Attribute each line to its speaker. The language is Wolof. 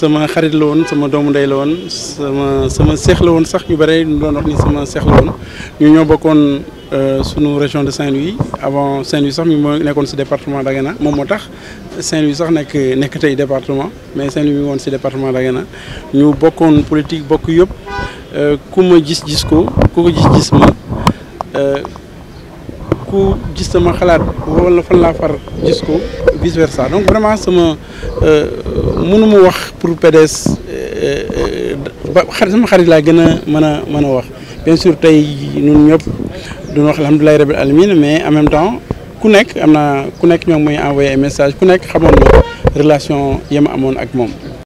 Speaker 1: sama xarit la woon sama doomu ndey la woon sama sama seex la woon sax ñu bëre ñu doon wax ni sama seex la woon ñu ñoo bokkoon euh, sunu région de Saint-Louis avant Saint-Louis sax mi moo nekkoon si département Dagana moom moo tax Saint-Louis sax nekk nekk tey département mais Saint-Louis mi woon si département Dagana ñu bokkoon politique bokk yëpp euh, ku ma gis gis ko ku ko gis gis ma ku gis sama xalaat wala fan laa far gis ko vice versa donc vraiment sama euh, mënu ma wax pour PDS euh, euh, ba xar sama xarit laa gën a mën a mën a wax bien sûr tey ñun ñëpp duñu wax alhamdulilahi rabbil alamin mais en même temps ku nekk am na ku nekk ñoo ngi envoyé message ku nekk xamoon na relation yema amoon ak moom